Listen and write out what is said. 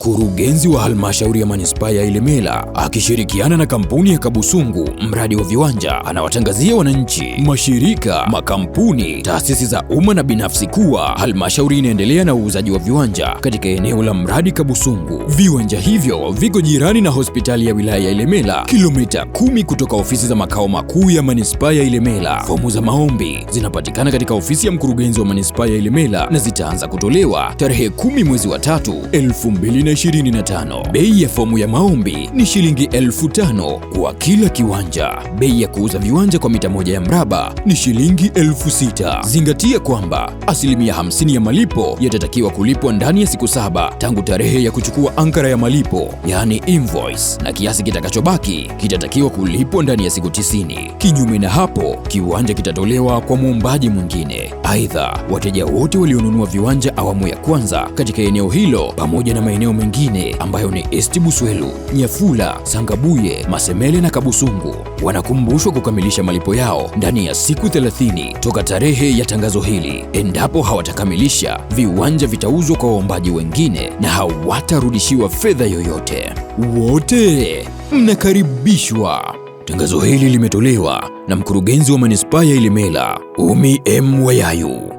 Mkurugenzi wa halmashauri ya manispaa ya Ilemela akishirikiana na kampuni ya Kabusungu mradi wa viwanja anawatangazia wananchi, mashirika, makampuni, taasisi za umma na binafsi kuwa halmashauri inaendelea na uuzaji wa viwanja katika eneo la mradi Kabusungu. Viwanja hivyo viko jirani na hospitali ya wilaya ya Ilemela, kilomita kumi kutoka ofisi za makao makuu ya manispaa ya Ilemela. Fomu za maombi zinapatikana katika ofisi ya mkurugenzi wa manispaa ya Ilemela na zitaanza kutolewa tarehe kumi mwezi wa tatu elfu mbili 2025. Bei ya fomu ya maombi ni shilingi elfu tano kwa kila kiwanja. Bei ya kuuza viwanja kwa mita moja ya mraba ni shilingi elfu sita. Zingatia kwamba asilimia 50 ya malipo yatatakiwa kulipwa ndani ya siku saba tangu tarehe ya kuchukua ankara ya malipo, yani invoice, na kiasi kitakachobaki kitatakiwa kulipwa ndani ya siku 90. Kinyume na hapo, kiwanja kitatolewa kwa muombaji mwingine. Aidha, wateja wote walionunua viwanja awamu ya kwanza katika eneo hilo pamoja na maeneo maeneo mengine ambayo ni Esti Buswelu, Nyefula, Sangabuye, Masemele na Kabusungu wanakumbushwa kukamilisha malipo yao ndani ya siku 30 toka tarehe ya tangazo hili. Endapo hawatakamilisha, viwanja vitauzwa kwa waombaji wengine na hawatarudishiwa fedha yoyote. Wote mnakaribishwa. Tangazo hili limetolewa na mkurugenzi wa manispaa ya Ilemela Umi M Wayayu.